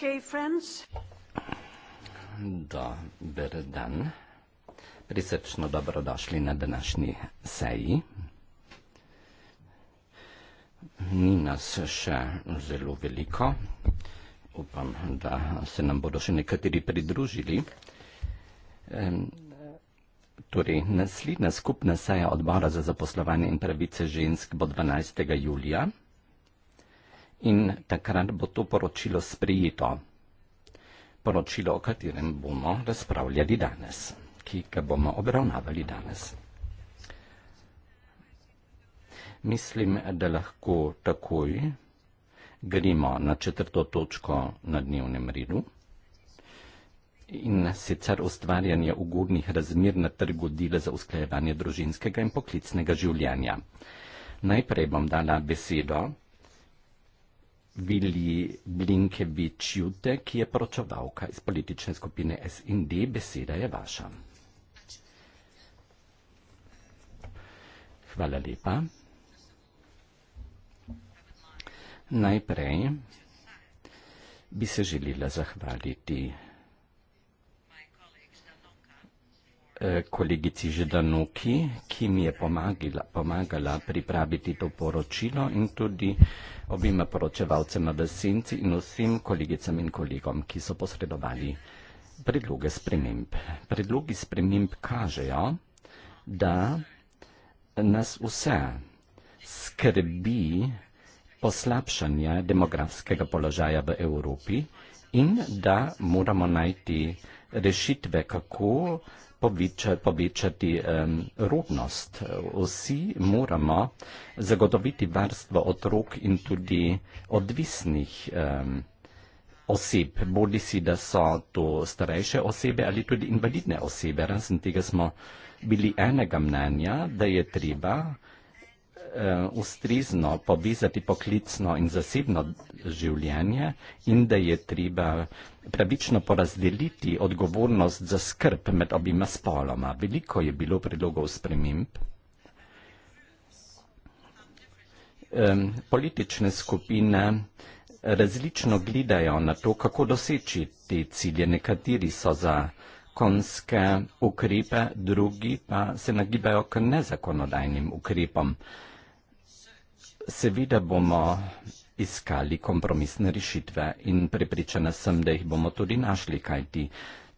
kaj, Franz? Dober dan. Prisrčno dobrodošli na današnji seji. Ni nas še zelo veliko. Upam, da se nam bodo še nekateri pridružili. Ehm, torej, naslednja skupna seja odbora za zaposlovanje in pravice žensk bo 12. julija in takrat bo to poročilo sprijeto. Poročilo, o katerem bomo razpravljali danes, ki ga bomo obravnavali danes. Mislim, da lahko takoj gremo na četrto točko na dnevnem redu in sicer ustvarjanje ugodnih razmer na trgu dela za usklajevanje družinskega in poklicnega življenja. Najprej bom dala besedo Vili Blinkevič Jute, ki je poročevalka iz politične skupine SND, beseda je vaša. Hvala lepa. Najprej bi se želila zahvaliti Eh, kolegici Židanuki, ki mi je pomagila, pomagala pripraviti to poročilo in tudi obima poročevalcema v senci in vsem kolegicam in kolegom, ki so posredovali predloge sprememb. Predlogi sprememb kažejo, da nas vse skrbi poslabšanje demografskega položaja v Evropi in da moramo najti rešitve, kako povečati um, rodnost. Vsi moramo zagotoviti varstvo otrok in tudi odvisnih um, oseb, bodi si, da so to starejše osebe ali tudi invalidne osebe. Razen tega smo bili enega mnenja, da je treba eh, ustrezno povezati poklicno in zasebno življenje in da je treba pravično porazdeliti odgovornost za skrb med obima spoloma. Veliko je bilo predlogov sprememb. Politične skupine različno gledajo na to, kako doseči te cilje. Nekateri so za konske ukrepe, drugi pa se nagibajo k nezakonodajnim ukrepom seveda bomo iskali kompromisne rešitve in prepričana sem, da jih bomo tudi našli, kajti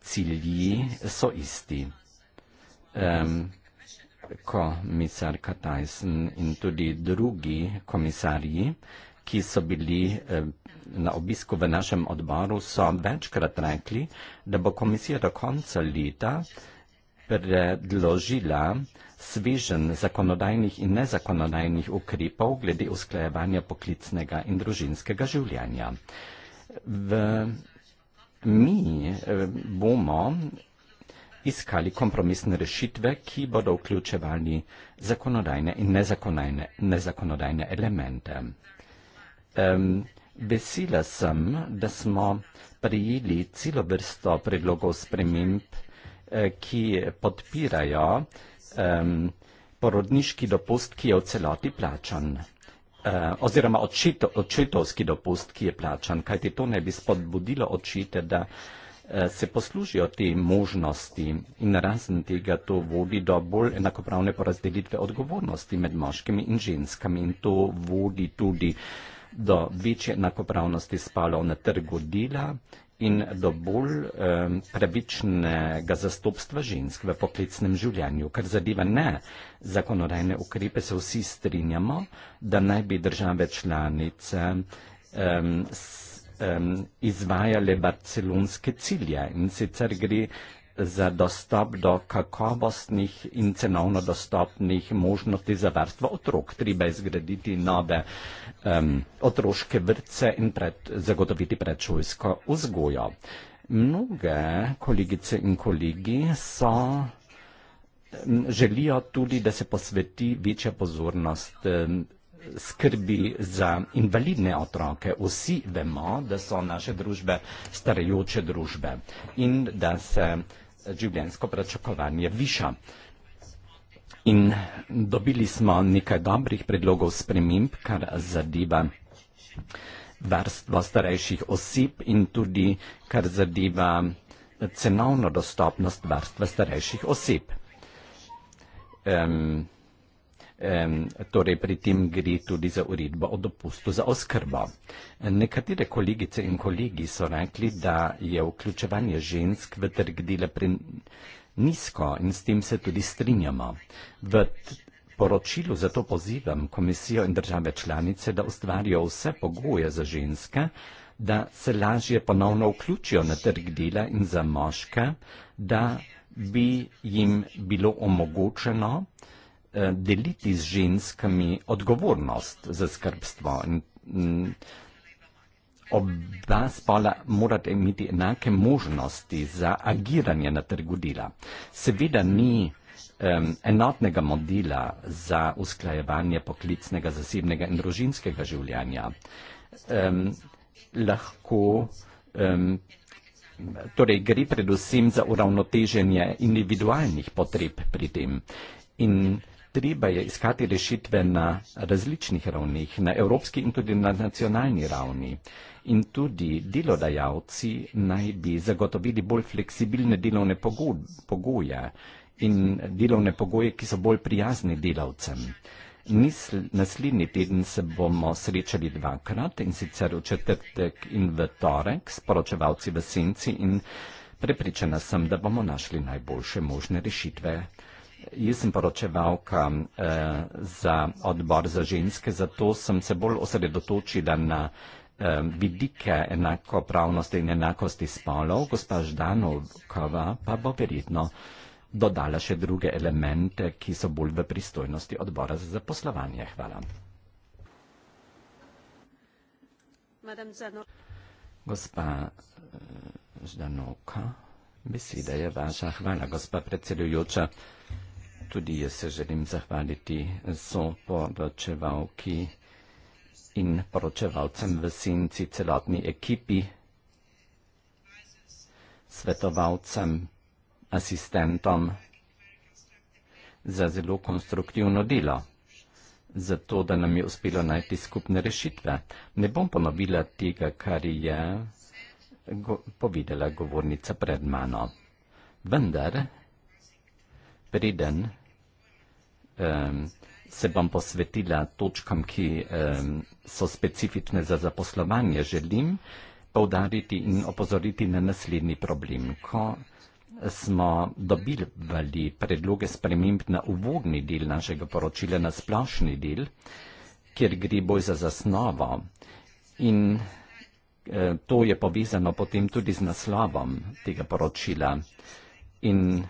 cilji so isti. Um, komisar Katajsen in tudi drugi komisarji, ki so bili um, na obisku v našem odboru, so večkrat rekli, da bo komisija do konca leta predložila svežen zakonodajnih in nezakonodajnih ukrepov glede usklajevanja poklicnega in družinskega življenja. V mi eh, bomo iskali kompromisne rešitve, ki bodo vključevali zakonodajne in nezakonodajne, nezakonodajne elemente. Um, vesela sem, da smo prijeli celo vrsto predlogov sprememb, eh, ki podpirajo eh, um, porodniški dopust, ki je v celoti plačan. Uh, oziroma očito, očetovski dopust, ki je plačan, kajti to ne bi spodbudilo očite, da uh, se poslužijo te možnosti in razen tega to vodi do bolj enakopravne porazdelitve odgovornosti med moškimi in ženskami in to vodi tudi do večje enakopravnosti spalov na trgu dela in do bolj um, pravičnega zastopstva žensk v poklicnem življenju. Kar zadeva ne zakonodajne ukrepe, se vsi strinjamo, da naj bi države članice um, s, um, izvajale barcelonske cilje in sicer gre za dostop do kakovostnih in cenovno dostopnih možnosti za varstvo otrok. Treba je zgraditi nove um, otroške vrtce in pred, zagotoviti predšolsko vzgojo. Mnoge kolegice in kolegi so želijo tudi, da se posveti večja pozornost skrbi za invalidne otroke. Vsi vemo, da so naše družbe starajoče družbe in da se življensko pričakovanje viša. In dobili smo nekaj dobrih predlogov sprememb, kar zadeva varstvo starejših oseb in tudi kar zadeva cenovno dostopnost varstva starejših oseb. Um, torej pri tem gre tudi za uredbo o dopustu za oskrbo. Nekatere kolegice in kolegi so rekli, da je vključevanje žensk v trg dela pre nizko in s tem se tudi strinjamo. V poročilu zato pozivam komisijo in države članice, da ustvarijo vse pogoje za ženske, da se lažje ponovno vključijo na trg dela in za moške, da bi jim bilo omogočeno, Eh, deliti z ženskami odgovornost za skrbstvo. In, mm, oba spola morata imeti enake možnosti za agiranje na trgu dela. Seveda ni um, enotnega modela za usklajevanje poklicnega, zasebnega in družinskega življenja. Um, lahko um, torej gre predvsem za uravnoteženje individualnih potreb pri tem. In Treba je iskati rešitve na različnih ravnih, na evropski in tudi na nacionalni ravni. In tudi delodajalci naj bi zagotovili bolj fleksibilne delovne pogoje in delovne pogoje, ki so bolj prijazni delavcem. Nisl, naslednji teden se bomo srečali dvakrat in sicer v četrtek in v torek s poročevalci v senci in prepričana sem, da bomo našli najboljše možne rešitve. Jaz sem poročevalka eh, za odbor za ženske, zato sem se bolj osredotočila na eh, vidike enakopravnosti in enakosti spolov. Gospa Ždanovkova pa bo verjetno dodala še druge elemente, ki so bolj v pristojnosti odbora za zaposlovanje. Hvala. Gospa eh, Ždanovka, beseda je vaša. Hvala, gospa predsedujoča tudi jaz se želim zahvaliti so poročevalki in poročevalcem v senci celotni ekipi, svetovalcem, asistentom za zelo konstruktivno delo, za to, da nam je uspelo najti skupne rešitve. Ne bom ponovila tega, kar je go povedala govornica pred mano. Vendar, preden se bom posvetila točkam, ki so specifične za zaposlovanje, želim povdariti in opozoriti na naslednji problem. Ko smo dobivali predloge sprememb na uvodni del našega poročila, na splošni del, kjer gre boj za zasnovo in e, to je povezano potem tudi z naslovom tega poročila in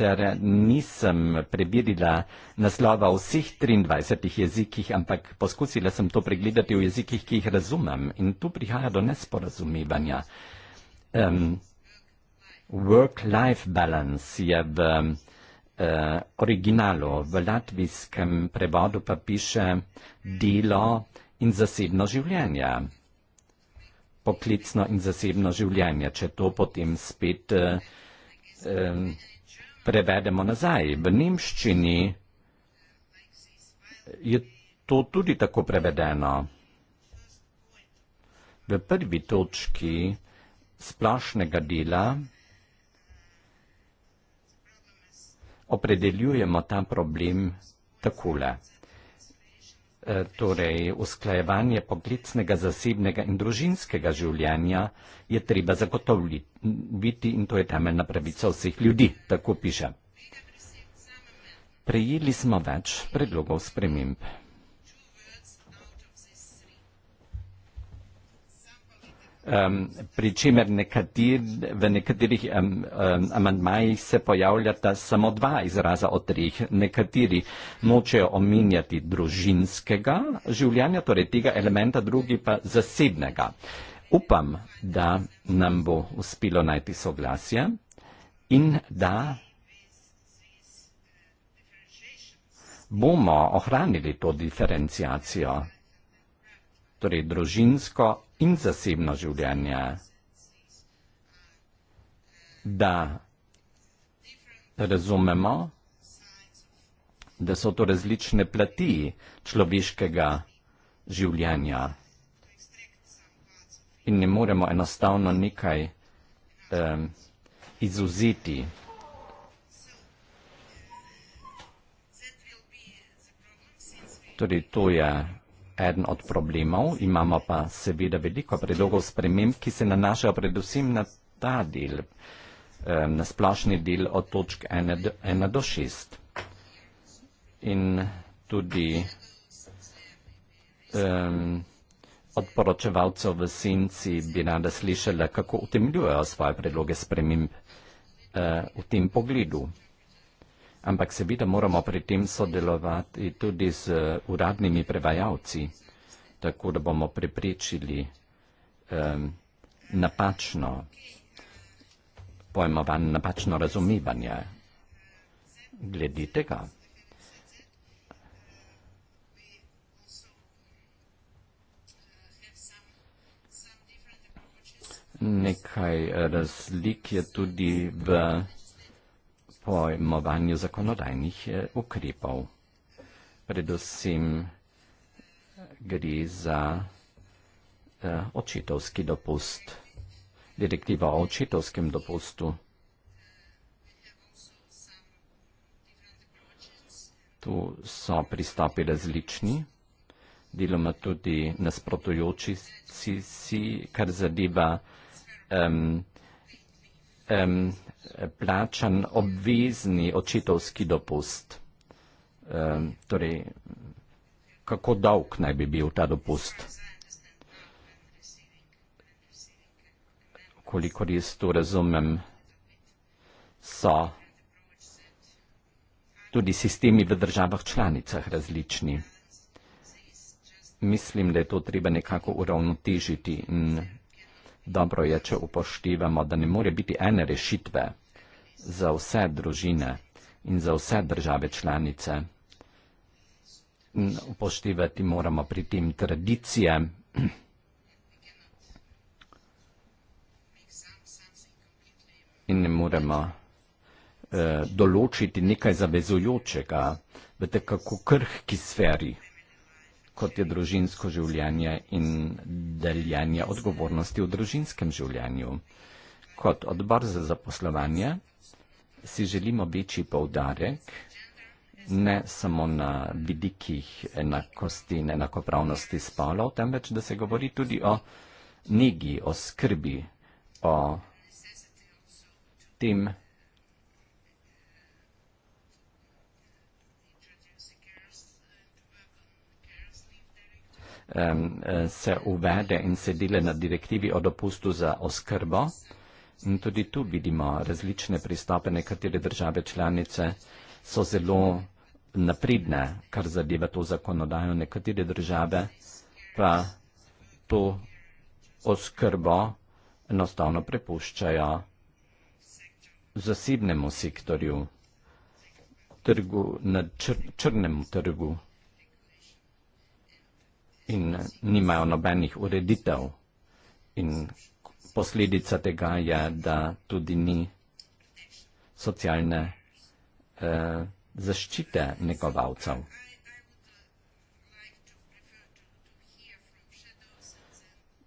sicer nisem prebirila naslova vseh 23 jezikih, ampak poskusila sem to pregledati v jezikih, ki jih razumem in tu prihaja do nesporazumevanja. Um, Work-life balance je v uh, originalu, v latvijskem prevodu pa piše delo in zasebno življenje. Poklicno in zasebno življenje, če to potem spet uh, prevedemo nazaj. V nemščini je to tudi tako prevedeno. V prvi točki splošnega dela opredeljujemo ta problem takole. Eh, torej usklajevanje poklicnega, zasebnega in družinskega življenja je treba zagotoviti in to je temeljna pravica vseh ljudi, tako piše. Prejeli smo več predlogov sprememb. um, pri čemer nekatir, v nekaterih um, um, amandmajih se pojavljata samo dva izraza od treh. Nekateri nočejo omenjati družinskega življenja, torej tega elementa, drugi pa zasebnega. Upam, da nam bo uspelo najti soglasje in da bomo ohranili to diferencijacijo, torej družinsko in zasebno življenje, da razumemo, da so to različne plati človeškega življenja in ne moremo enostavno nekaj um, izuzeti. Torej, to je eden od problemov, imamo pa seveda veliko predlogov sprememb, ki se nanašajo predvsem na ta del, eh, na splošni del od točk 1 do 6. In tudi um, od poročevalcev v senci bi rada slišala, kako utemljujejo svoje predloge sprememb uh, v tem pogledu ampak seveda moramo pri tem sodelovati tudi z uradnimi prevajalci, tako da bomo preprečili um, napačno pojmovanje, napačno razumevanje glede tega. Nekaj eh, razlik je tudi v pojmovanju zakonodajnih eh, ukrepov. Predvsem eh, gre za eh, očetovski dopust, direktiva o očetovskem dopustu. Tu so pristopi različni, deloma tudi nasprotujoči si, kar zadeva plačan obvezni očetovski dopust. Ehm, torej, kako dolg naj bi bil ta dopust? Kolikor jaz to razumem, so tudi sistemi v državah članicah različni. Mislim, da je to treba nekako uravnotežiti in dobro je, če upoštevamo, da ne more biti ene rešitve za vse družine in za vse države članice. Upoštevati moramo pri tem tradicije. In ne moremo eh, določiti nekaj zavezujočega v tako krhki sferi kot je družinsko življenje in deljenje odgovornosti v družinskem življenju. Kot odbor za zaposlovanje si želimo večji poudarek ne samo na vidikih enakosti in enakopravnosti spolov, temveč da se govori tudi o negi, o skrbi, o tem, Eh, se uvede in se dele na direktivi o dopustu za oskrbo. In tudi tu vidimo različne pristope, nekatere države članice so zelo napredne, kar zadeva to zakonodajo, nekatere države pa to oskrbo enostavno prepuščajo zasebnemu sektorju, trgu, na čr črnemu trgu in nimajo nobenih ureditev. In posledica tega je, da tudi ni socialne eh, zaščite negovalcev.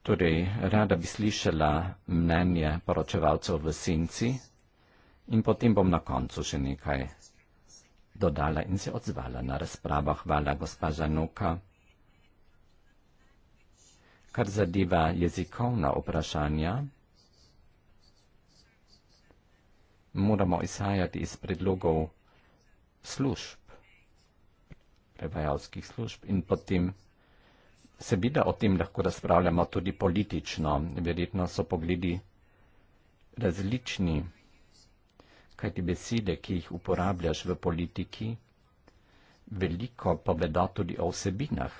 Torej, rada bi slišala mnenje poročevalcev v senci in potem bom na koncu še nekaj dodala in se odzvala na razpravo. Hvala, gospa Žanuka kar zadeva jezikovna vprašanja, moramo izhajati iz predlogov služb, prevajalskih služb in potem seveda o tem lahko razpravljamo tudi politično. Verjetno so pogledi različni, kajti besede, ki jih uporabljaš v politiki, veliko povedo tudi o vsebinah,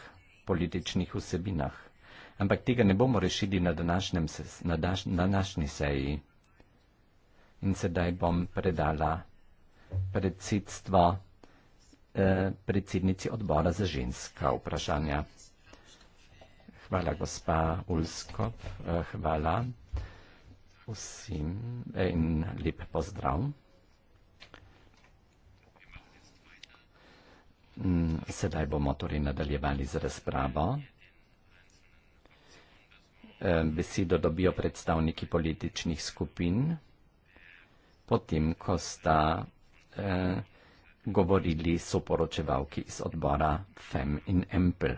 političnih vsebinah ampak tega ne bomo rešili na, se, na, daš, na današnji seji. In sedaj bom predala predsedstvo eh, predsednici odbora za ženska vprašanja. Hvala, gospa Ulskop, eh, hvala vsem eh, in lep pozdrav. Mm, sedaj bomo torej nadaljevali z razpravo. Eh, besedo dobijo predstavniki političnih skupin, potem ko sta eh, govorili soporočevalki iz odbora FEM in EMPL.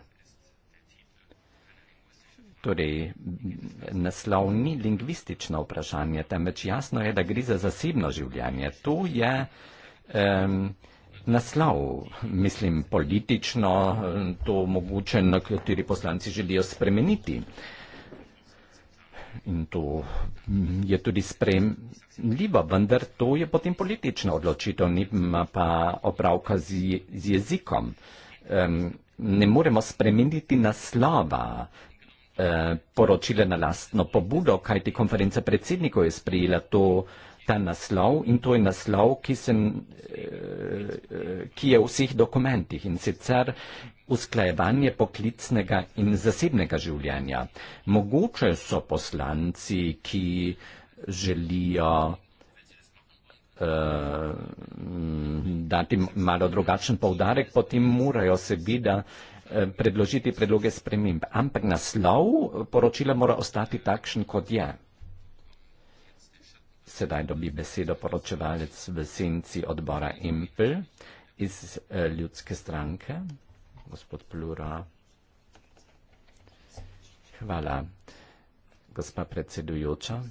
Torej, naslov ni lingvistično vprašanje, temveč jasno je, da gri za zasebno življenje. To je naslov, mislim, politično, to mogoče, na kateri poslanci želijo spremeniti in to mm, je tudi spremljivo, vendar to je potem politična odločitev, ni pa opravka z, z jezikom. Um, ne moremo spremeniti naslova eh, poročile na lastno pobudo, kajti konferenca predsednikov je sprejela to, ta naslov in to je naslov, ki, sem, eh, eh, ki je v vseh dokumentih. In sicer usklajevanje poklicnega in zasebnega življenja. Mogoče so poslanci, ki želijo uh, dati malo drugačen povdarek, potem morajo seveda eh, predložiti predloge sprememb. Ampak naslov poročila mora ostati takšen, kot je. Sedaj dobi besedo poročevalec v senci odbora Empel iz eh, ljudske stranke gospod Plura. Hvala, gospa predsedujoča.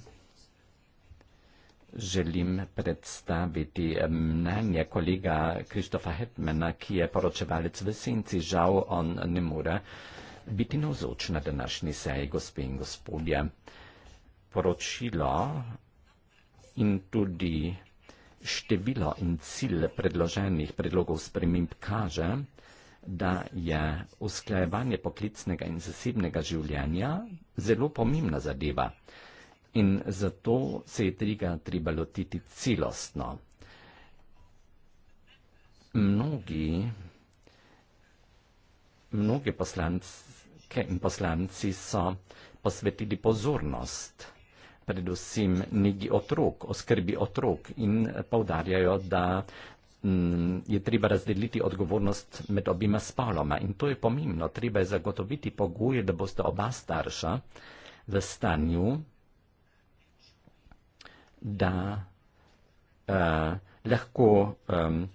Želim predstaviti mnenje kolega Krištofa Hetmana, ki je poročevalec v senci. Žal, on ne more biti navzoč na današnji seji, gospe in gospodje. Poročilo in tudi število in cilj predloženih predlogov sprememb kaže, da je usklajevanje poklicnega in zasebnega življenja zelo pomembna zadeva in zato se je tega treba lotiti celostno. Mnogi, mnogi poslanske in poslanci so posvetili pozornost predvsem negi otrok, oskrbi otrok in povdarjajo, da Mm, je treba razdeliti odgovornost med obima spoloma in to je pomembno. Treba je zagotoviti pogoje, da boste oba starša v stanju, da uh, lahko um,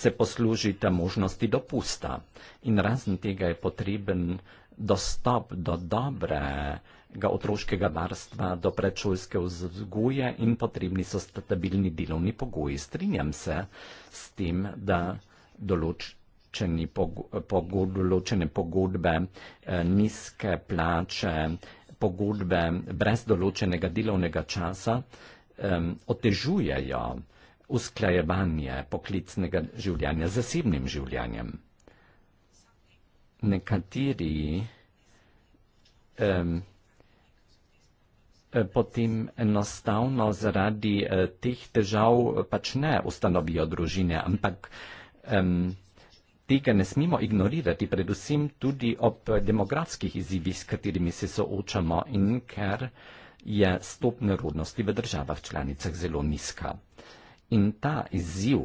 se poslužite možnosti dopusta. In razen tega je potreben dostop do dobre uh, ga otroškega varstva do predšolske vzgoje in potrebni so stabilni delovni pogoji. Strinjam se s tem, da določ določene pogodbe, eh, nizke plače, pogodbe brez določenega delovnega časa otežujejo usklajevanje poklicnega življenja z zasebnim življenjem. Nekateri Eh, potem enostavno zaradi eh, teh težav eh, pač ne ustanovijo družine, ampak um, tega ne smemo ignorirati, predvsem tudi ob demografskih izzivih, s katerimi se soočamo in ker je stopne rodnosti v državah članicah zelo nizka. In ta izziv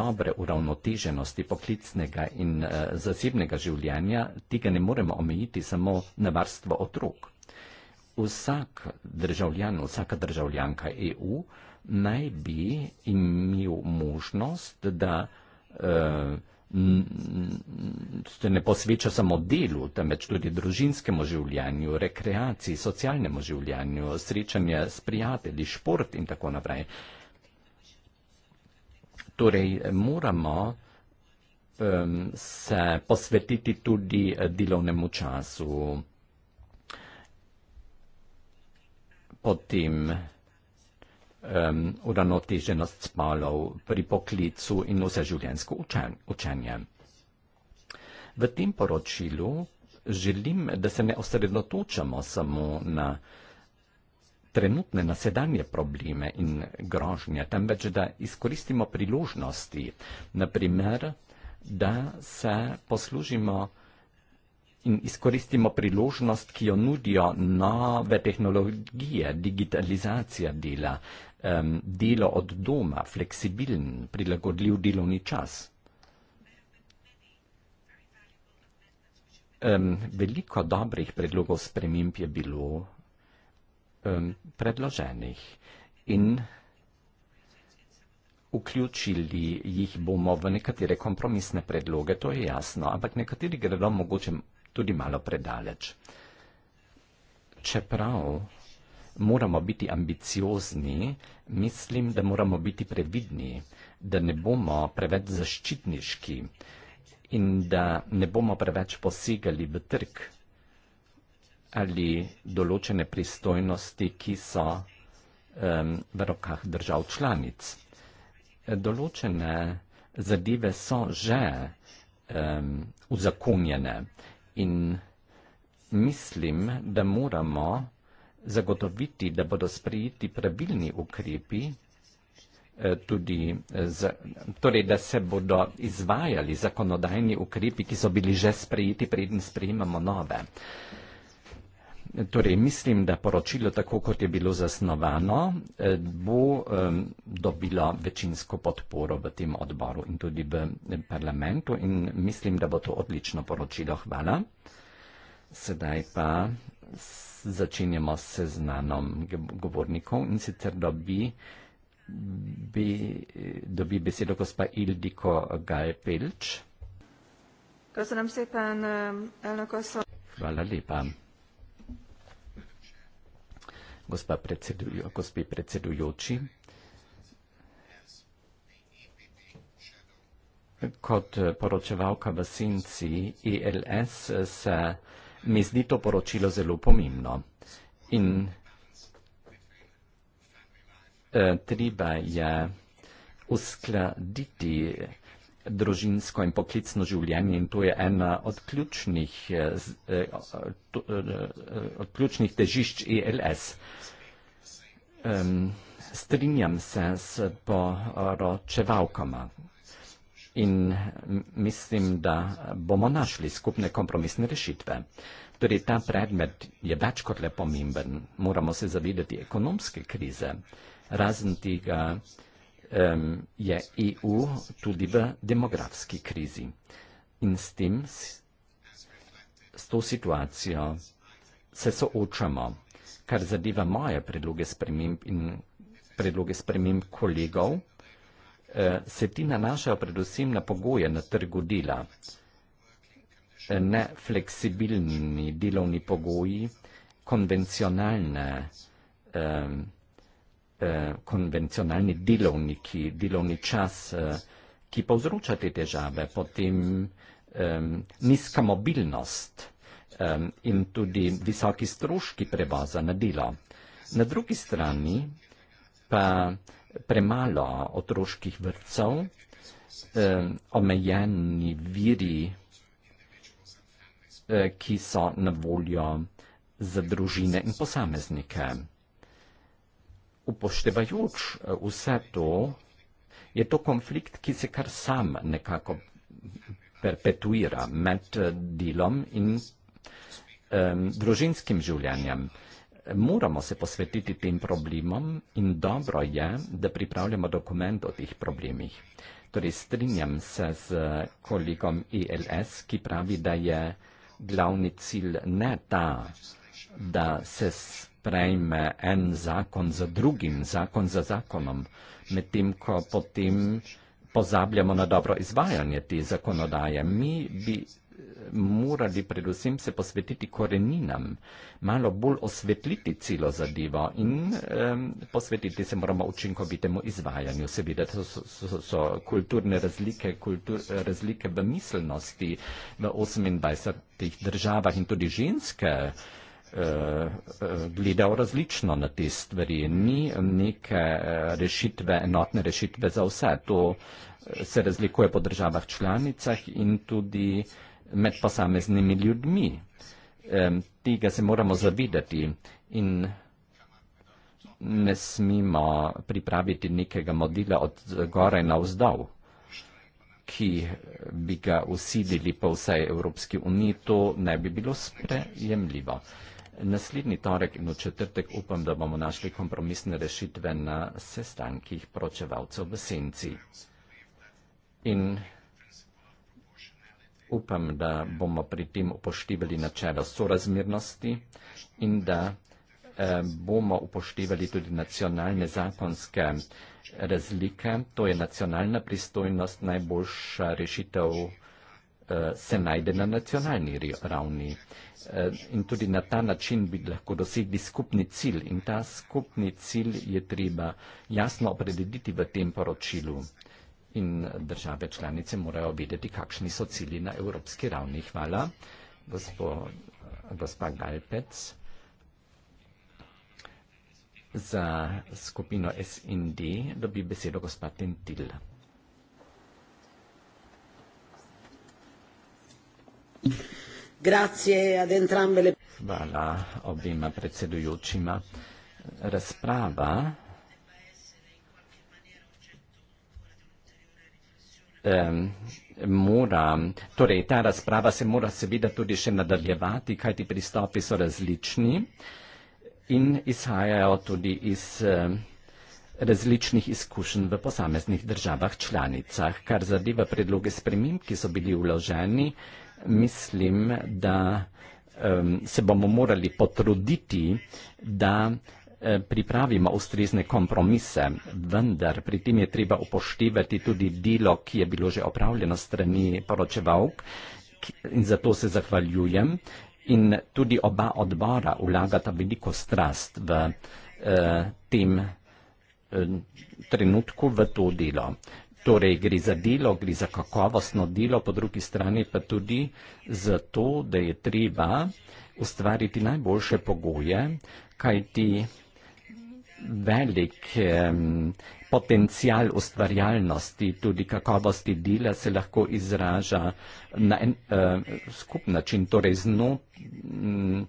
dobre uravnoteženosti poklicnega in zasebnega življenja, tega ne moremo omejiti samo na varstvo otrok vsak državljan, vsaka državljanka EU naj bi imel možnost, da eh, se ne posveča samo delu, temveč tudi družinskemu življanju, rekreaciji, socialnemu življanju, srečanju s prijatelji, šport in tako naprej. Torej, moramo eh, se posvetiti tudi eh, delovnemu času. potem um, uravnoteženost spolov pri poklicu in vse življenjsko učen, učenje. V tem poročilu želim, da se ne osredotočamo samo na trenutne, na sedanje probleme in grožnje, temveč da izkoristimo priložnosti, naprimer, da se poslužimo in izkoristimo priložnost, ki jo nudijo nove tehnologije, digitalizacija dela, um, delo od doma, fleksibilen, prilagodljiv delovni čas. Um, veliko dobrih predlogov sprememb je bilo um, predloženih in vključili jih bomo v nekatere kompromisne predloge, to je jasno, ampak nekateri gredo mogoče tudi malo predaleč. Čeprav moramo biti ambiciozni, mislim, da moramo biti previdni, da ne bomo preveč zaščitniški in da ne bomo preveč posegali v trg ali določene pristojnosti, ki so um, v rokah držav članic. Določene zadeve so že um, uzakonjene in mislim, da moramo zagotoviti, da bodo sprejeti pravilni ukrepi, eh, tudi eh, z, torej, da se bodo izvajali zakonodajni ukrepi, ki so bili že sprejeti, preden sprejemamo nove. Uh, Torej, mislim, da poročilo, tako kot je bilo zasnovano, eh, bo dobilo večinsko podporo v tem odboru in tudi v eh, parlamentu in mislim, da bo to odlično poročilo. Hvala. Sedaj pa začenjamo s seznanom govornikov in sicer dobi, bi, dobi besedo gospa Ildiko Galpelč. Hvala lepa gospa predseduj, gospi predsedujoči. Kot eh, poročevalka v Sinci ILS eh, se mi zdi to poročilo zelo pomembno. In eh, treba je uskladiti eh, družinsko in poklicno življenje in to je ena od ključnih, eh, eh, eh, od ključnih težišč ELS. Strinjam se s poročevalkama in mislim, da bomo našli skupne kompromisne rešitve. Tudi torej, ta predmet je več kot le pomemben. Moramo se zavedati ekonomske krize, razen tega, da je um, je EU tudi v demografski krizi. In s tem, s to situacijo se soočamo, kar zadeva moje predloge sprememb in predloge sprememb kolegov, uh, se ti nanašajo predvsem na pogoje na trgu dela. E, nefleksibilni delovni pogoji, konvencionalne. Um, eh, konvencionalni delovniki, delovni čas, eh, ki povzroča te težave, potem eh, nizka mobilnost eh, in tudi visoki stroški prevoza na delo. Na drugi strani pa premalo otroških vrtcev, eh, omejeni viri, eh, ki so na voljo za družine in posameznike upoštevajoč eh, vse to, je to konflikt, ki se kar sam nekako perpetuira med eh, delom in um, družinskim življenjem. Moramo se posvetiti tem problemom in dobro je, da pripravljamo dokument o teh problemih. Torej strinjam se z eh, kolegom ELS, ki pravi, da je glavni cilj ne ta, da se sprejme en zakon za drugim, zakon za zakonom, medtem ko potem pozabljamo na dobro izvajanje te zakonodaje. Mi bi eh, morali predvsem se posvetiti koreninam, malo bolj osvetliti celo zadevo in um, posvetiti se moramo učinkovitemu izvajanju. Seveda to so, so, so kulturne razlike, kultur, razlike v miselnosti v 28 državah in tudi ženske. Eh, eh, gledal različno na te stvari. Ni neke eh, rešitve, enotne rešitve za vse. To se razlikuje po državah članicah in tudi med posameznimi ljudmi. Tega se moramo zavidati in ne smemo pripraviti nekega modela od zgoraj na vzdolj ki bi ga usidili po vsej Evropski uniji, to ne bi bilo sprejemljivo. Naslednji torek in v četrtek upam, da bomo našli kompromisne rešitve na sestankih pročevalcev v senci. In upam, da bomo pri tem upoštevali načelo sorazmernosti in da eh, bomo upoštevali tudi nacionalne zakonske eh, razlike. To je nacionalna pristojnost, najboljša rešitev. Eh, se najde na nacionalni ravni. Eh, in tudi na ta način bi lahko dosegli skupni cilj in ta skupni cilj je treba jasno opredeliti v tem poročilu in države članice morajo vedeti, kakšni so cilji na evropski ravni. Hvala, gospo, gospa Galpec, za skupino SND dobi besedo gospa Tentil. Grazie ad entrambe le... Hvala obima predsedujočima. Razprava um, mora, torej ta razprava se mora seveda tudi še nadaljevati, kaj ti pristopi so različni in izhajajo tudi iz različnih izkušenj v posameznih državah članicah. Kar zadeva predloge spremim, ki so bili vloženi, mislim, da um, se bomo morali potruditi, da e, pripravimo ustrezne kompromise, vendar pri tem je treba upoštevati tudi delo, ki je bilo že opravljeno strani poročevalk in zato se zahvaljujem. In tudi oba odbora vlagata veliko strast v eh, tem eh, trenutku, v to delo. Torej gre za delo, gre za kakovostno delo, po drugi strani pa tudi za to, da je treba ustvariti najboljše pogoje, kajti velik eh, potencial ustvarjalnosti, tudi kakovosti dela se lahko izraža na en uh, skup način. Torej zno, m, mm,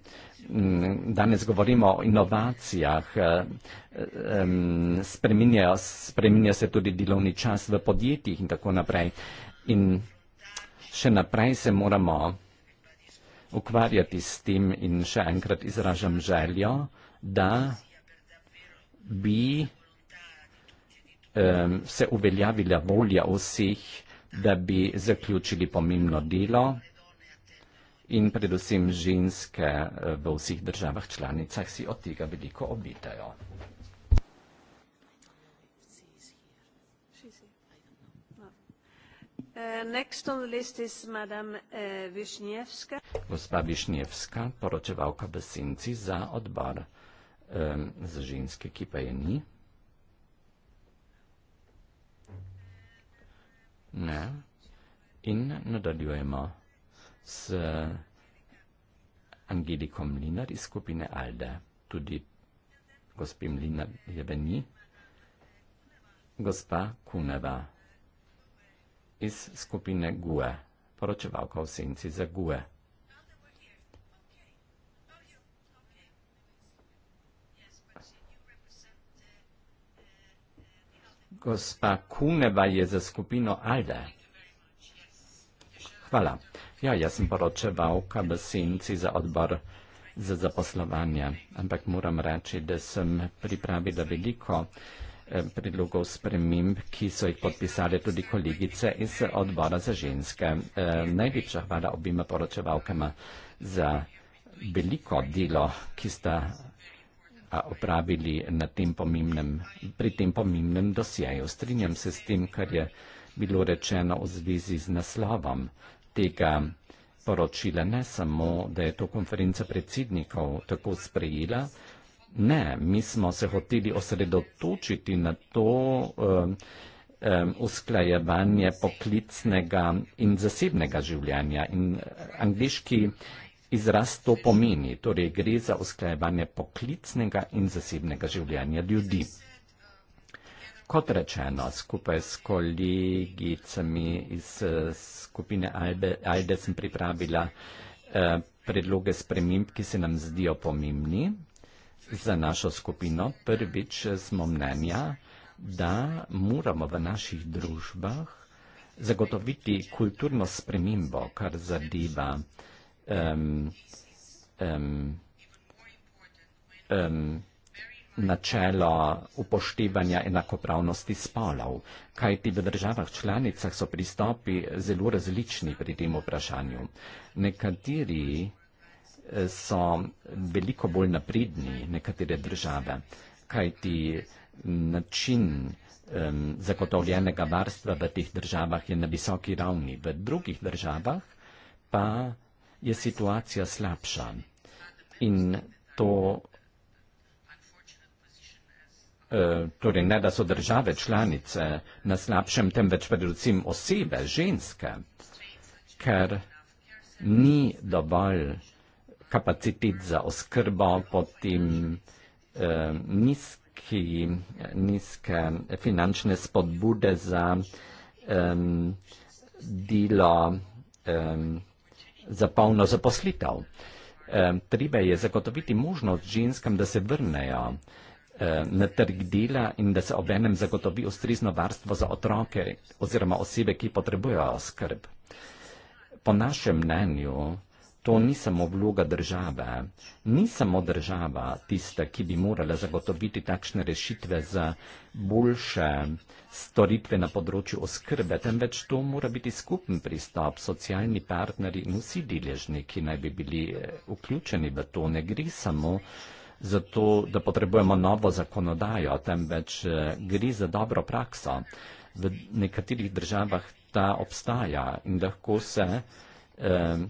m, danes govorimo o inovacijah, eh, m, spreminjajo, spreminja se tudi delovni čas v podjetjih in tako naprej. In še naprej se moramo ukvarjati s tem in še enkrat izražam željo, da bi eh, se uveljavila volja vseh, da bi zaključili pomembno delo in predvsem ženske eh, v vseh državah članicah si od tega veliko obitajo. Eh, eh, Gospa Višnjevska, poročevalka besinci za odbor um, za ženske, ki pa je ni. නෑ ඉන්න නොදඩිවයම ස අන්ගේඩි කොම් ලින්නට ස්කුපින අල්ඩ තුඩි ගොස්පිම් ලින්නත් යබැනී ගොස්පා කුණවා ඉස් ස්කුපින ගුව පොරොචවල්කෝ සින්සිස ගුව gospa Kuneva je za skupino ALDE. Hvala. Ja, jaz sem poročevalka v senci za odbor za zaposlovanje, ampak moram reči, da sem pripravila veliko eh, predlogov sprememb, ki so jih podpisali tudi kolegice iz odbora za ženske. Eh, najlepša hvala obima poročevalkama za veliko delo, ki sta opravili na tem pomembnem, pri tem pomembnem dosjeju. Strinjam se s tem, kar je bilo rečeno v zvezi z naslovom tega poročila. Ne samo, da je to konferenca predsednikov tako sprejela, ne, mi smo se hoteli osredotočiti na to um, um, usklajevanje poklicnega in zasebnega življenja. In eh, angliški Izraz to pomeni, torej gre za usklajevanje poklicnega in zasebnega življenja ljudi. Kot rečeno, skupaj s kolegicami iz eh, skupine Ajde sem pripravila eh, predloge sprememb, ki se nam zdijo pomembni za našo skupino. Prvič eh, smo mnenja, da moramo v naših družbah zagotoviti kulturno spremembo, kar zadeva vsega načelo upoštevanja enakopravnosti spolov, kajti v državah članicah so pristopi zelo različni pri tem vprašanju. Nekateri eh, so veliko bolj napredni, nekatere države, kajti način um, zagotovljenega varstva v teh državah je na visoki ravni, v drugih državah pa je situacija slabša in to, eh, torej ne, da so države članice na slabšem, temveč predvsem osebe, ženske, ker ni dovolj kapacitet za oskrbo potem eh, nizke finančne spodbude za delo, za polno zaposlitev. Treba je zagotoviti možnost ženskam, da se vrnejo na trg dela in da se obenem zagotovi ustrezno varstvo za otroke oziroma osebe, ki potrebujejo skrb. Po našem mnenju To ni samo vloga države. Ni samo država tista, ki bi morala zagotoviti takšne rešitve za boljše storitve na področju oskrbe, temveč to mora biti skupen pristop, socialni partneri in vsi deležniki naj bi bili eh, vključeni v to. Ne gre samo za to, da potrebujemo novo zakonodajo, temveč eh, gre za dobro prakso. V nekaterih državah ta obstaja in lahko se. Eh,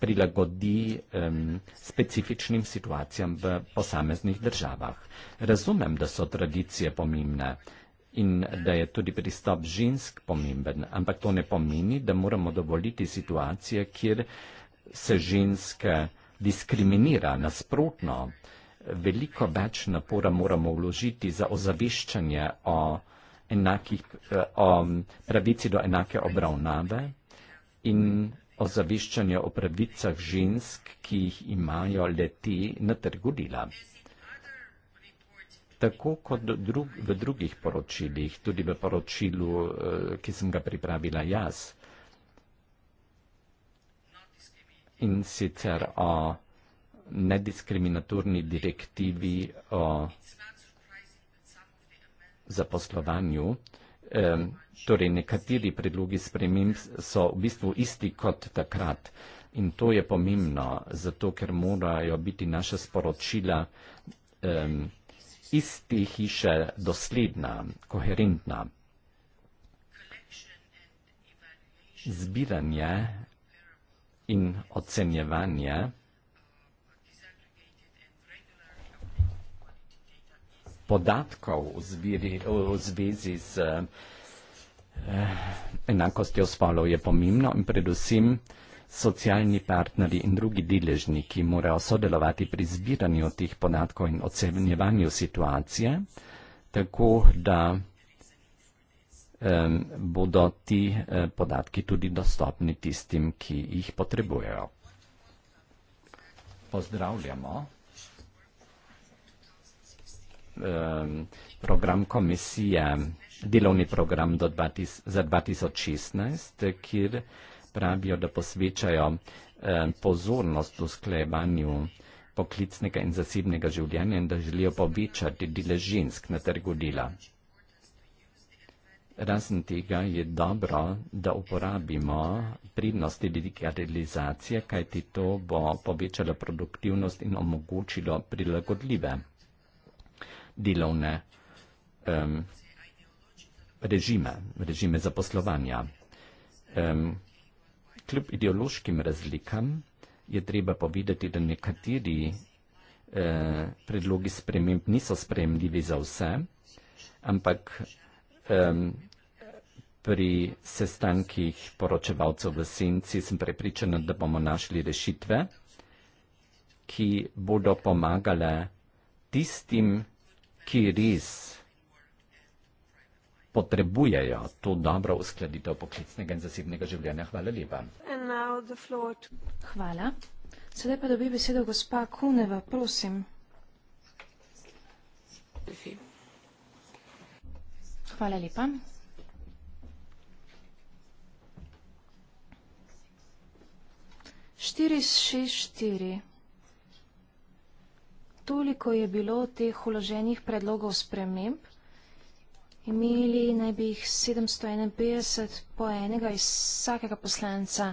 prilagodi um, specifičnim situacijam v posameznih državah. Razumem, da so tradicije pomembne in da je tudi pristop žensk pomemben, ampak to ne pomeni, da moramo dovoliti situacije, kjer se ženske diskriminira nasprotno. Veliko več napora moramo vložiti za ozaveščanje o, enakih, eh, o pravici do enake obravnave in ozaveščanja o pravicah žensk, ki jih imajo leti na trgu dela. Tako kot drug, v drugih poročilih, tudi v poročilu, eh, ki sem ga pripravila jaz, in sicer o nediskriminatorni direktivi o zaposlovanju, torej nekateri predlogi sprememb so v bistvu isti kot takrat. In to je pomembno, zato ker morajo biti naše sporočila um, isti hiše dosledna, koherentna. Zbiranje in ocenjevanje podatkov v, zbiri, v zvezi z eh, enakostjo spolov je pomembno in predvsem socialni partnerji in drugi deležniki morajo sodelovati pri zbiranju teh podatkov in ocenjevanju situacije, tako da um, bodo ti uh, podatki tudi dostopni tistim, ki jih potrebujejo. Pozdravljamo program komisije, delovni program do 20, za 2016, kjer pravijo, da posvečajo pozornost v sklepanju poklicnega in zasebnega življenja in da želijo povečati delež žensk na trgu dela. Razen tega je dobro, da uporabimo prednosti digitalizacije, kajti to bo povečalo produktivnost in omogočilo prilagodljive delovne um, režime, režime zaposlovanja. Um, kljub ideološkim razlikam je treba povedati, da nekateri uh, predlogi sprememb niso sprejemljivi za vse, ampak um, pri sestankih poročevalcev v senci sem prepričana, da bomo našli rešitve, ki bodo pomagale tistim, ki res potrebujejo to dobro uskladitev poklicnega in zasebnega življenja. Hvala lepa. Hvala. Sedaj pa dobi besedo gospa Kuneva, prosim. Hvala lepa. Štiri, šest, štiri toliko je bilo teh uloženih predlogov sprememb. Imeli naj bi jih 751 po enega iz vsakega poslanca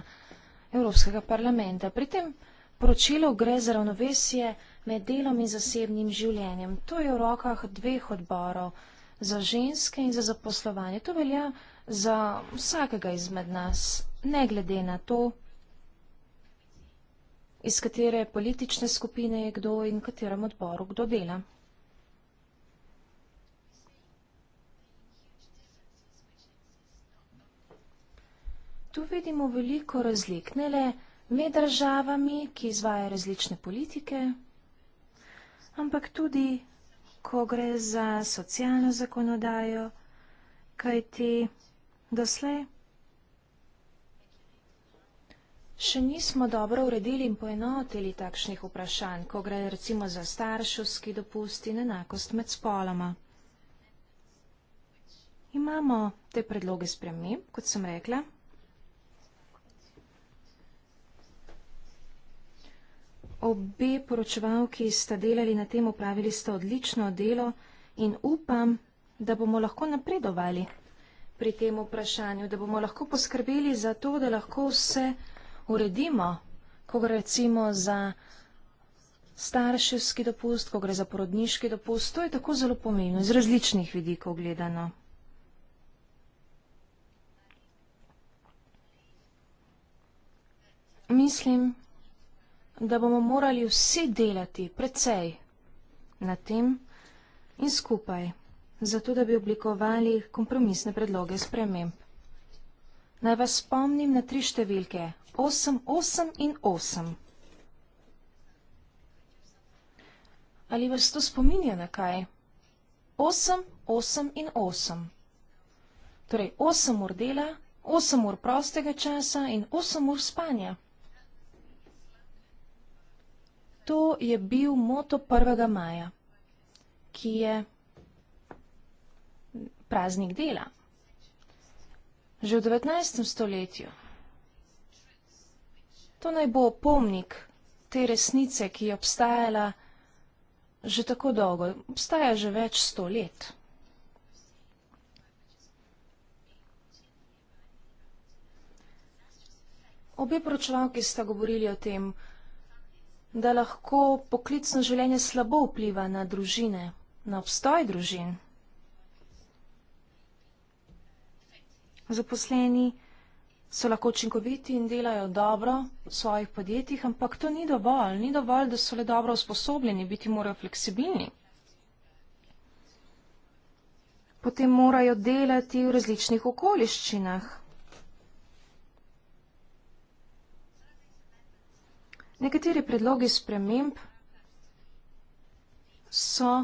Evropskega parlamenta. Pri tem poročilo gre za ravnovesje med delom in zasebnim življenjem. To je v rokah dveh odborov, za ženske in za zaposlovanje. To velja za vsakega izmed nas, ne glede na to, iz katere politične skupine je kdo in katerem odboru kdo dela. Tu vidimo veliko razlik, ne le med državami, ki izvaja različne politike, ampak tudi, ko gre za socialno zakonodajo, kajti doslej. Še nismo dobro uredili in poenotili takšnih vprašanj, ko gre recimo za starševski dopust in enakost med spoloma. Imamo te predloge spremi, kot sem rekla. Obe poročevalki sta delali na tem, upravili sta odlično delo in upam, da bomo lahko napredovali pri tem vprašanju, da bomo lahko poskrbeli za to, da lahko vse vprašanje, uredimo, ko gre recimo za starševski dopust, ko gre za porodniški dopust, to je tako zelo pomembno, iz različnih vidikov gledano. Mislim, da bomo morali vsi delati precej na tem in skupaj, zato da bi oblikovali kompromisne predloge sprememb. Naj vas spomnim na tri številke 8, 8 in 8. Ali vas to spominja na kaj? 8, 8 in 8. Torej, 8 ur dela, 8 ur prostega časa in 8 ur spanja. To je bil moto 1. maja, ki je praznik dela. Že v 19. stoletju To naj bo pomnik te resnice, ki je obstajala že tako dolgo, obstaja že več sto let. Obe poročevalki sta govorili o tem, da lahko poklicno življenje slabo vpliva na družine, na obstoj družin. Zaposleni so lahko učinkoviti in delajo dobro v svojih podjetjih, ampak to ni dovolj. Ni dovolj, da so le dobro usposobljeni, biti morajo fleksibilni. Potem morajo delati v različnih okoliščinah. Nekateri predlogi sprememb so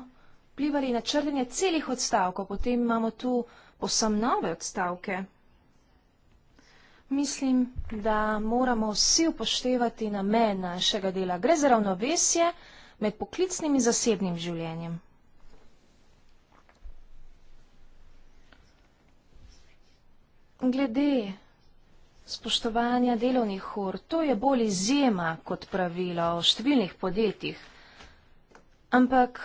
plivali na črljenje celih odstavkov, potem imamo tu osam nove odstavke. Mislim, da moramo vsi upoštevati namen našega dela. Gre za ravnovesje med poklicnim in zasebnim življenjem. Glede spoštovanja delovnih hor, to je bolj izjema kot pravilo o številnih podjetjih. Ampak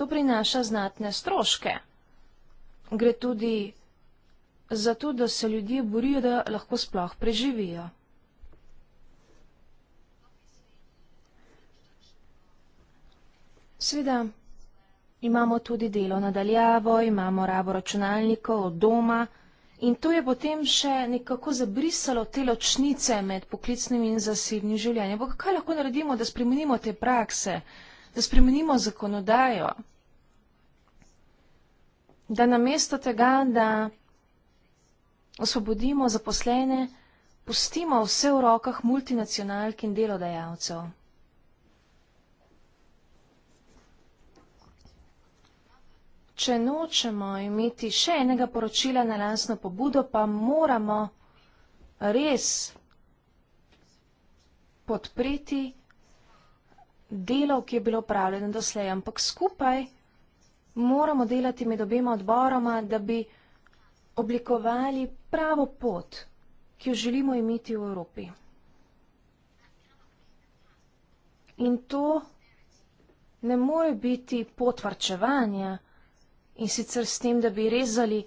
to prinaša znatne stroške. Gre tudi zato da se ljudje borijo, da lahko sploh preživijo. Sveda, imamo tudi delo nadaljavo, imamo rabo računalnikov od doma in to je potem še nekako zabrisalo te ločnice med poklicnim in zasebnim življenjem. Ampak kaj lahko naredimo, da spremenimo te prakse, da spremenimo zakonodajo, da namesto tega, da osvobodimo zaposlene, pustimo vse v rokah multinacionalk in delodajalcev. Če nočemo imeti še enega poročila na lasno pobudo, pa moramo res podpreti delo, ki je bilo upravljeno doslej. Ampak skupaj moramo delati med obema odboroma, da bi oblikovali pravo pot, ki jo želimo imeti v Evropi. In to ne more biti pot varčevanja in sicer s tem, da bi rezali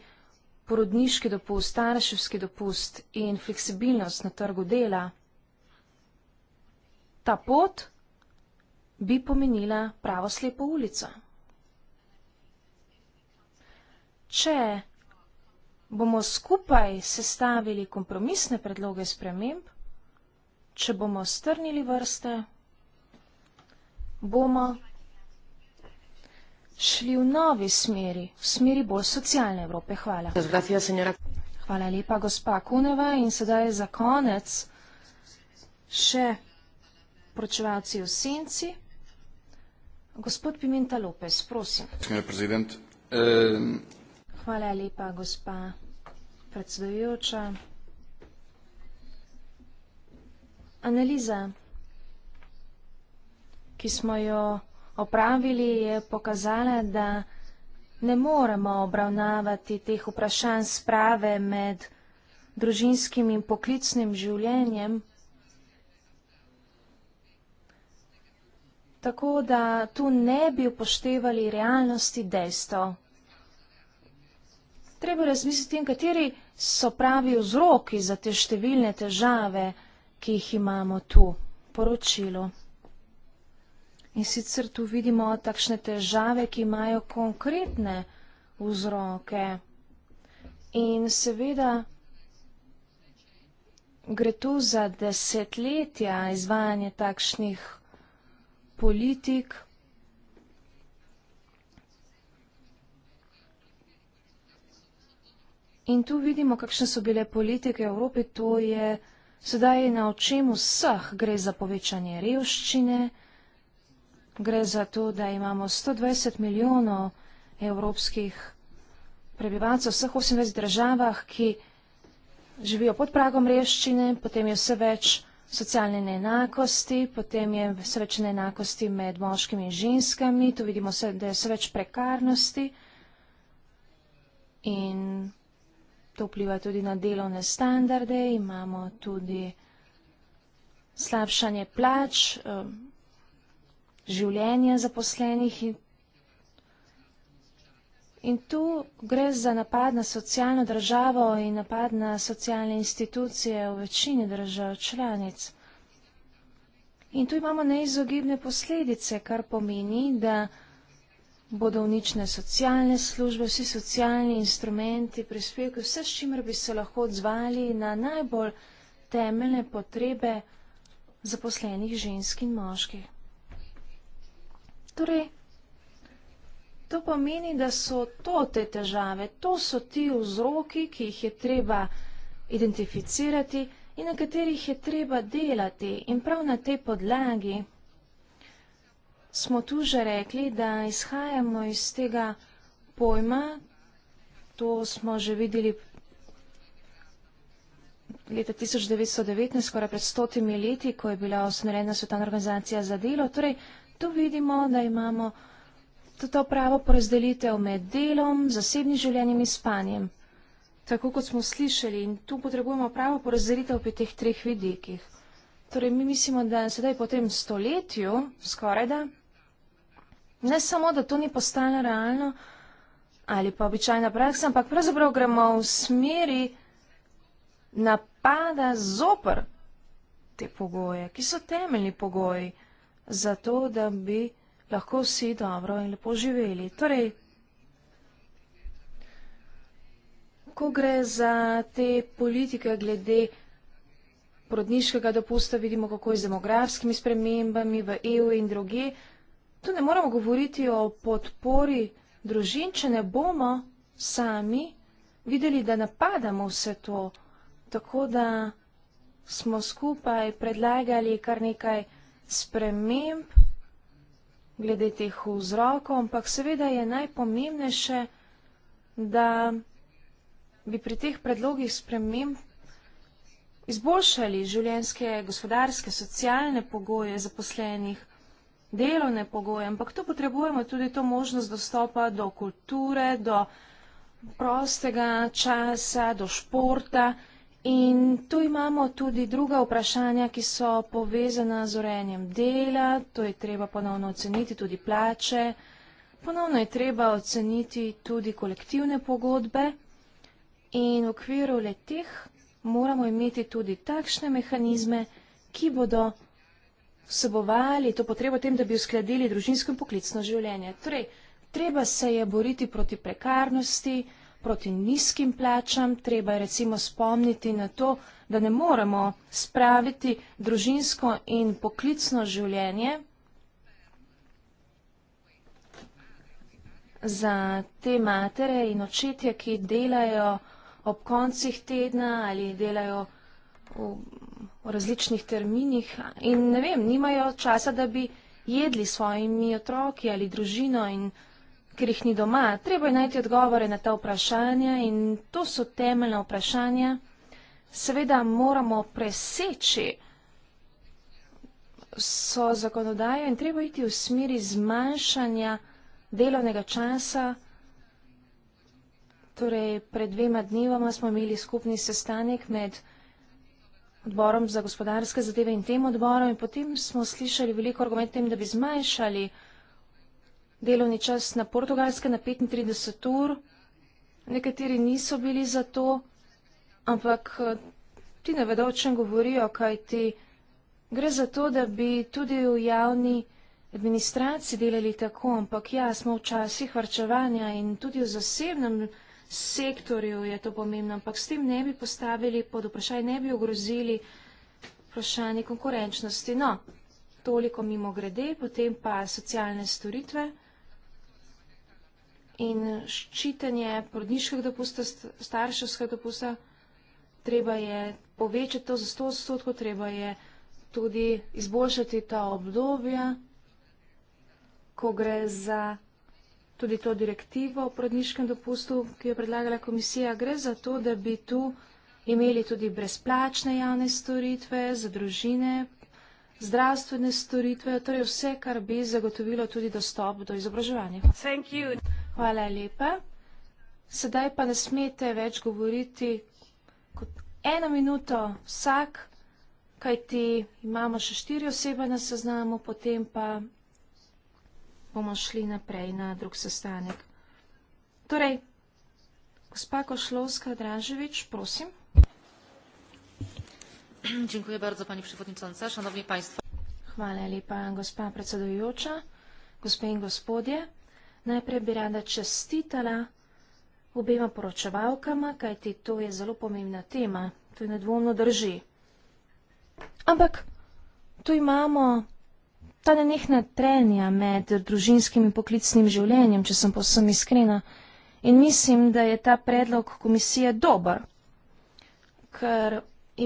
porodniški dopust, starševski dopust in fleksibilnost na trgu dela. Ta pot bi pomenila pravo slepo ulico. Če bomo skupaj sestavili kompromisne predloge sprememb, če bomo strnili vrste, bomo šli v novi smeri, v smeri bolj socialne Evrope. Hvala. Hvala lepa, gospa Kuneva. In sedaj za konec še pročevalci v senci. Gospod Pimenta Lopez, prosim. Hvala lepa, gospa Kuneva predsedujoča. Analiza, ki smo jo opravili, je pokazala, da ne moremo obravnavati teh vprašanj sprave med družinskim in poklicnim življenjem, tako da tu ne bi upoštevali realnosti dejstev treba razmisliti, kateri so pravi vzroki za te številne težave, ki jih imamo tu, poročilo. In sicer tu vidimo takšne težave, ki imajo konkretne vzroke. In seveda gre tu za desetletja izvajanje takšnih politik, In tu vidimo, kakšne so bile politike Evrope, to je sedaj na očem vseh, gre za povečanje revščine, gre za to, da imamo 120 milijonov evropskih prebivalcev v vseh 28 državah, ki živijo pod pragom revščine, potem je vse več socialne neenakosti, potem je vse več neenakosti med moškimi in ženskami, tu vidimo, da je vse več prekarnosti in To vpliva tudi na delovne standarde, imamo tudi slabšanje plač, eh, življenje zaposlenih in In tu gre za napad na socialno državo in napad na socialne institucije v večini držav članic. In tu imamo neizogibne posledice, kar pomeni, da bodo unične socialne službe, vsi socialni instrumenti, prispevki, vse s čimer bi se lahko odzvali na najbolj temeljne potrebe zaposlenih žensk in moških. Torej, to pomeni, da so to te težave, to so ti vzroki, ki jih je treba identificirati in na katerih je treba delati in prav na tej podlagi smo tu že rekli, da izhajamo iz tega pojma, to smo že videli leta 1919, skoraj pred stotimi leti, ko je bila osnovena svetovna organizacija za delo. Torej, tu vidimo, da imamo to pravo porazdelitev med delom, zasebnim življenjem in spanjem. Tako kot smo slišali in tu potrebujemo pravo porazdelitev pri teh treh vidikih. Torej, mi mislimo, da sedaj po tem stoletju, skoraj da, Ne samo, da to ni postalo realno ali pa običajna praksa, ampak pravzaprav gremo v smeri napada zopr te pogoje, ki so temeljni pogoji za to, da bi lahko vsi dobro in lepo živeli. Torej, ko gre za te politike glede porodniškega dopusta, vidimo, kako je z demografskimi spremembami v EU in druge. Tu ne moramo govoriti o podpori družin, če ne bomo sami videli, da napadamo vse to. Tako da smo skupaj predlagali kar nekaj sprememb glede teh vzrokov, ampak seveda je najpomembnejše, da bi pri teh predlogih sprememb izboljšali življenske, gospodarske, socialne pogoje zaposlenih delovne pogoje, ampak tu potrebujemo tudi to možnost dostopa do kulture, do prostega časa, do športa. In tu imamo tudi druga vprašanja, ki so povezana z urejanjem dela, to je treba ponovno oceniti tudi plače, ponovno je treba oceniti tudi kolektivne pogodbe in v okviru letih moramo imeti tudi takšne mehanizme, ki bodo vsebovali to potrebo tem, da bi uskladili družinsko in poklicno življenje. Torej, treba se je boriti proti prekarnosti, proti nizkim plačam, treba je recimo spomniti na to, da ne moremo spraviti družinsko in poklicno življenje za te matere in očetje, ki delajo ob koncih tedna ali delajo v v različnih terminih in ne vem, nimajo časa, da bi jedli svojimi otroki ali družino in ker jih ni doma. Treba je najti odgovore na ta vprašanja in to so temeljna vprašanja. Seveda moramo preseči so zakonodajo in treba iti v smeri zmanjšanja delovnega časa. Torej, pred dvema dnevama smo imeli skupni sestanek med vsemi, odborom za gospodarske zadeve in tem odborom in potem smo slišali veliko argumentov tem, da bi zmanjšali delovni čas na portugalske na 35 ur. Nekateri niso bili za to, ampak ti ne vedo, o čem govorijo, kaj ti gre za to, da bi tudi v javni administraciji delali tako, ampak ja, smo v časih varčevanja in tudi v zasebnem sektorju je to pomembno, ampak s tem ne bi postavili pod vprašaj, ne bi ogrozili vprašanje konkurenčnosti. No, toliko mimo grede, potem pa socialne storitve in ščitenje porodniškega dopusta, starševskega dopusta, treba je povečati to za 100 odstotkov, treba je tudi izboljšati ta obdobja, ko gre za tudi to direktivo o porodniškem dopustu, ki jo predlagala komisija, gre za to, da bi tu imeli tudi brezplačne javne storitve za družine, zdravstvene storitve, torej vse, kar bi zagotovilo tudi dostop do izobraževanja. Hvala lepa. Sedaj pa ne smete več govoriti kot eno minuto vsak, kajti imamo še štiri osebe na seznamu, potem pa bomo šli naprej na drug sestanek. Torej, gospa Košlovska Draževič, prosim. Dziękuję bardzo, pani przewodnicząca, szanowni państwo. Hvala lepa, gospa predsedujoča, gospe in gospodje. Najprej bi rada čestitala obema poročevalkama, kajti to je zelo pomembna tema. To je nedvomno drži. Ampak tu imamo ta nenehna trenja med družinskim in poklicnim življenjem, če sem posem iskrena. In mislim, da je ta predlog komisije dober, ker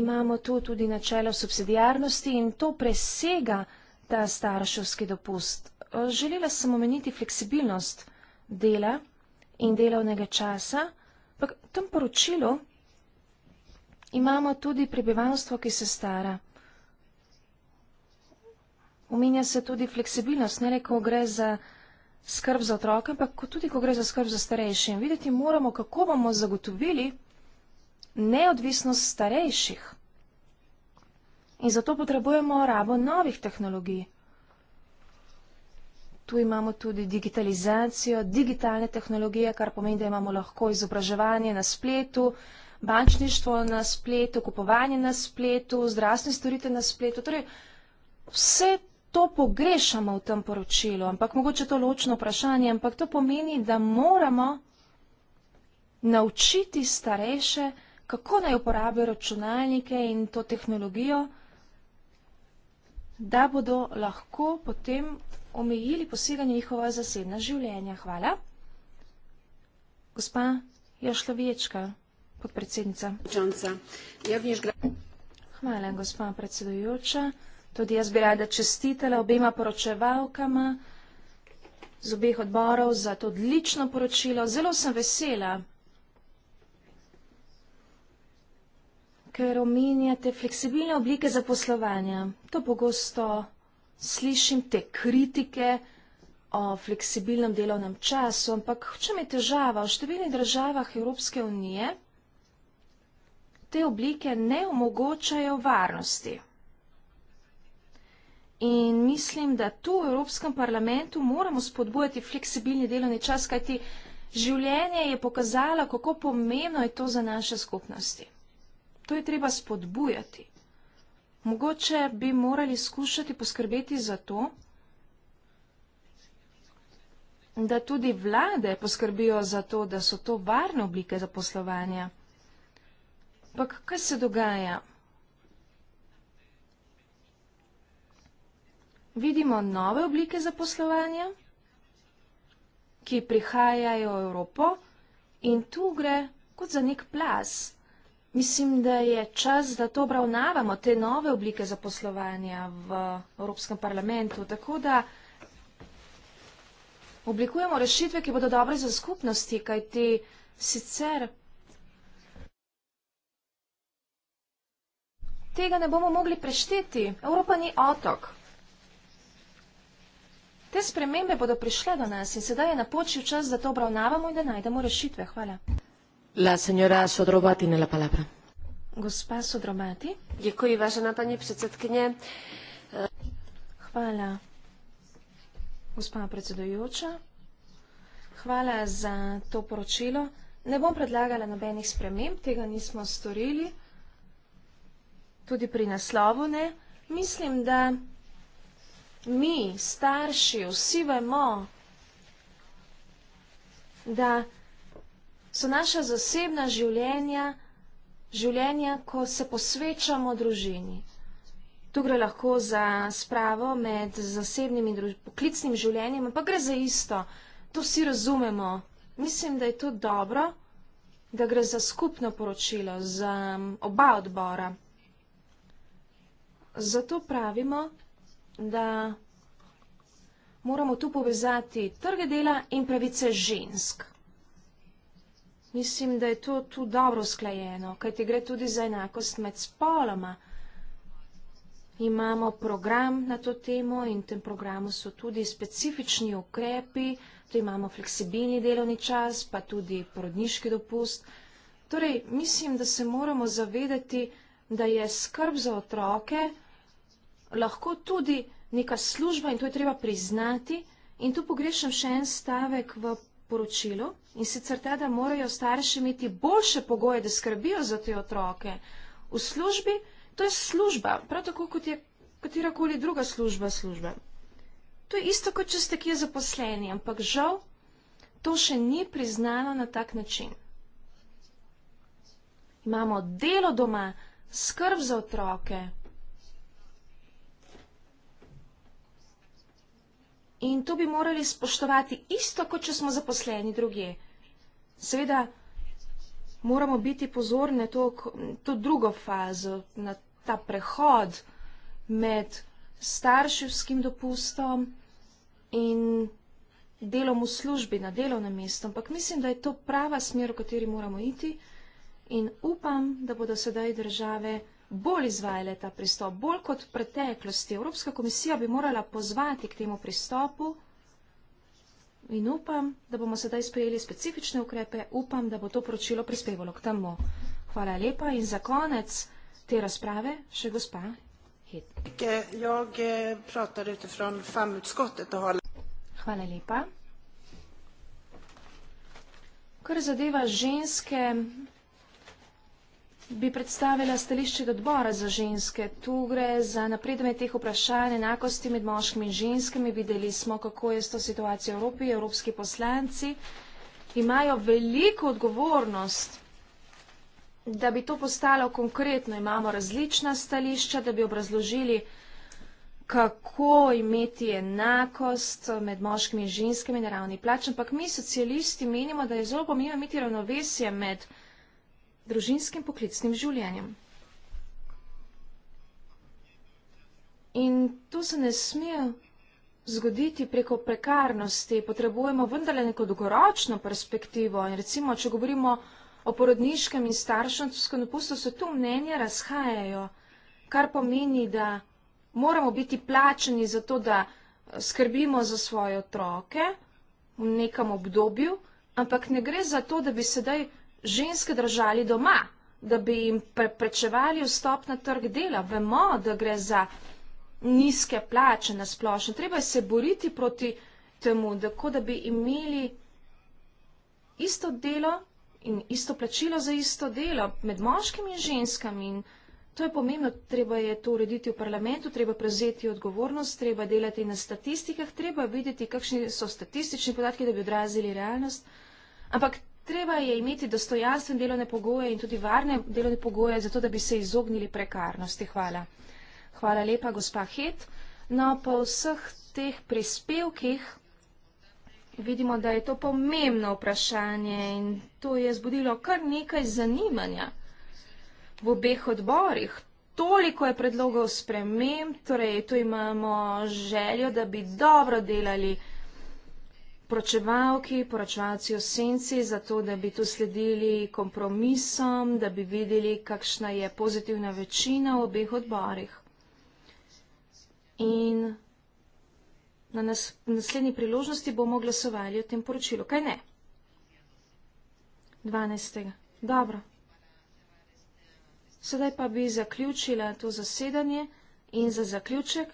imamo tu tudi načelo subsidijarnosti in to presega ta starševski dopust. Želela sem omeniti fleksibilnost dela in delovnega časa, ampak v tem poročilu imamo tudi prebivalstvo, ki se stara. Omenja se tudi fleksibilnost, ne le, ko gre za skrb za otroke, ampak tudi, ko gre za skrb za starejše. In videti moramo, kako bomo zagotovili neodvisnost starejših. In zato potrebujemo rabo novih tehnologij. Tu imamo tudi digitalizacijo, digitalne tehnologije, kar pomeni, da imamo lahko izobraževanje na spletu, bančništvo na spletu, kupovanje na spletu, zdravstvene storitve na spletu. Torej, vse to pogrešamo v tem poročilu, ampak mogoče to ločno vprašanje, ampak to pomeni, da moramo naučiti starejše, kako naj uporabijo računalnike in to tehnologijo, da bodo lahko potem omejili poseganje njihova zasebna življenja. Hvala. Gospa Jašlovečka, podpredsednica. Ja, Hvala, gospa predsedujoča. Tudi jaz bi rada čestitela obema poročevalkama z obeh odborov za to odlično poročilo. Zelo sem vesela, ker omenjate fleksibilne oblike zaposlovanja. To pogosto slišim te kritike o fleksibilnem delovnem času, ampak če mi je težava, v številnih državah Evropske unije te oblike ne omogočajo varnosti. In mislim, da tu v Evropskem parlamentu moramo spodbujati fleksibilni delovni čas, kajti življenje je pokazalo, kako pomembno je to za naše skupnosti. To je treba spodbujati. Mogoče bi morali skušati poskrbeti za to, da tudi vlade poskrbijo za to, da so to varne oblike zaposlovanja. Pa kaj se dogaja? vidimo nove oblike zaposlovanja, ki prihajajo v Evropo in tu gre kot za nek plas. Mislim, da je čas, da to obravnavamo, te nove oblike zaposlovanja v Evropskem parlamentu, tako da oblikujemo rešitve, ki bodo dobre za skupnosti, kajti sicer tega ne bomo mogli prešteti. Evropa ni otok. Te spremembe bodo prišle do nas in sedaj je napočil čas, da to obravnavamo in da najdemo rešitve. Hvala. La senjora Sodrobati ne la palabra. Gospa Sodrobati. Děkuji, vážená paní predsedkynje. Hvala, gospa predsedujoča. Hvala za to poročilo. Ne bom predlagala nobenih sprememb, tega nismo storili. Tudi pri naslovu ne. Mislim, da mi, starši, vsi vemo, da so naša zasebna življenja, življenja, ko se posvečamo družini. Tu gre lahko za spravo med zasebnim in poklicnim življenjem, ampak gre za isto. To vsi razumemo. Mislim, da je to dobro, da gre za skupno poročilo, za oba odbora. Zato pravimo, da moramo tu povezati trge dela in pravice žensk. Mislim, da je to tu dobro sklajeno, kaj ti gre tudi za enakost med spoloma. Imamo program na to temo in v tem programu so tudi specifični ukrepi, tu imamo fleksibilni delovni čas, pa tudi porodniški dopust. Torej, mislim, da se moramo zavedati, da je skrb za otroke, lahko tudi neka služba in to je treba priznati. In tu pogrešam še en stavek v poročilu in sicer ta, da morajo starši imeti boljše pogoje, da skrbijo za te otroke. V službi to je služba, prav tako kot je katerakoli druga služba službe. To je isto, kot če ste kje zaposleni, ampak žal to še ni priznano na tak način. Imamo delo doma, skrb za otroke, in to bi morali spoštovati isto, kot če smo zaposleni druge. Seveda moramo biti pozorni na to, to drugo fazo, na ta prehod med starševskim dopustom in delom v službi na delovnem mestu, ampak mislim, da je to prava smer, v kateri moramo iti in upam, da bodo sedaj države bolj izvajale ta pristop, bolj kot v preteklosti. Evropska komisija bi morala pozvati k temu pristopu in upam, da bomo sedaj sprejeli specifične ukrepe, upam, da bo to poročilo prispevalo k temu. Hvala lepa in za konec te razprave še gospa Hitler. Eh, Hvala lepa. Kar zadeva ženske bi predstavila stališče odbora za ženske. Tu gre za napredovanje teh vprašanj enakosti med moškimi in ženskami. Videli smo, kako je s to situacijo v Evropi. Evropski poslanci imajo veliko odgovornost, da bi to postalo konkretno. Imamo različna stališča, da bi obrazložili, kako imeti enakost med moškimi in ženskami na ravni plač. Ampak mi, socialisti, menimo, da je zelo pomembno imeti ravnovesje med moškimi družinskim poklicnim življenjem. In to se ne sme zgoditi preko prekarnosti, potrebujemo vendarle neko dolgoročno perspektivo. In recimo, če govorimo o porodniškem in starševskem dopustu, se tu mnenja razhajajo, kar pomeni, da moramo biti plačeni za to, da eh, skrbimo za svoje otroke v nekem obdobju, ampak ne gre za to, da bi sedaj ženske držali doma, da bi jim preprečevali vstop na trg dela. Vemo, da gre za nizke plače na splošno. Treba je se boriti proti temu, tako da bi imeli isto delo in isto plačilo za isto delo med moškimi in ženskami. In to je pomembno, treba je to urediti v parlamentu, treba prevzeti odgovornost, treba delati na statistikah, treba videti, kakšni so statistični podatki, da bi odrazili realnost. Ampak Treba je imeti dostojanstven delovne pogoje in tudi varne delovne pogoje, zato da bi se izognili prekarnosti. Hvala. Hvala lepa, gospa Het. No, po vseh teh prispevkih vidimo, da je to pomembno vprašanje in to je zbudilo kar nekaj zanimanja v obeh odborih. Toliko je predlogov spremem, torej tu imamo željo, da bi dobro delali poročevalki, poročevalci o senci, zato da bi tu sledili kompromisom, da bi videli, kakšna je pozitivna večina v obeh odborih. In na nas, naslednji priložnosti bomo glasovali o tem poročilu. Kaj ne? 12. Dobro. Sedaj pa bi zaključila to zasedanje in za zaključek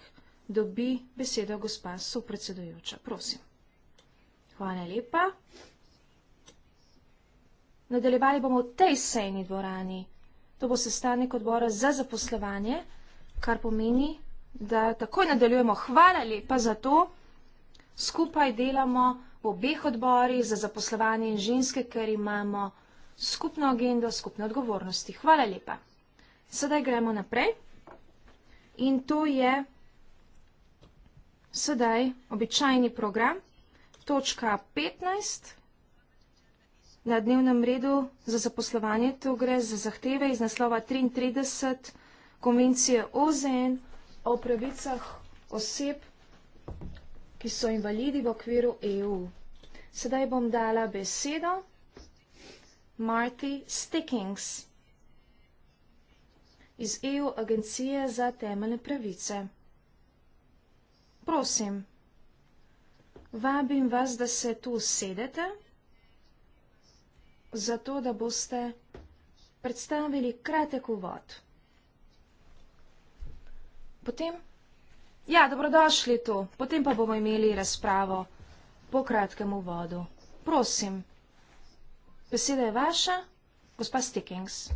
dobi besedo gospa sopredsedujoča. Prosim. Hvala lepa. Nadaljevali bomo v tej sejni dvorani. To bo sestanek odbora za zaposlovanje, kar pomeni, da takoj nadaljujemo. Hvala lepa za to. Skupaj delamo v obeh odborih za zaposlovanje in ženske, ker imamo skupno agendo, skupne odgovornosti. Hvala lepa. Sedaj gremo naprej. In to je sedaj običajni program točka 15 na dnevnem redu za zaposlovanje. To gre za zahteve iz naslova 33 konvencije OZN o pravicah oseb, ki so invalidi v okviru EU. Sedaj bom dala besedo Marti Stickings iz EU Agencije za temeljne pravice. Prosim. Vabim vas, da se tu sedete, zato da boste predstavili kratek uvod. Potem, ja, dobrodošli tu, potem pa bomo imeli razpravo po kratkem uvodu. Prosim, beseda je vaša, gospa Stickings.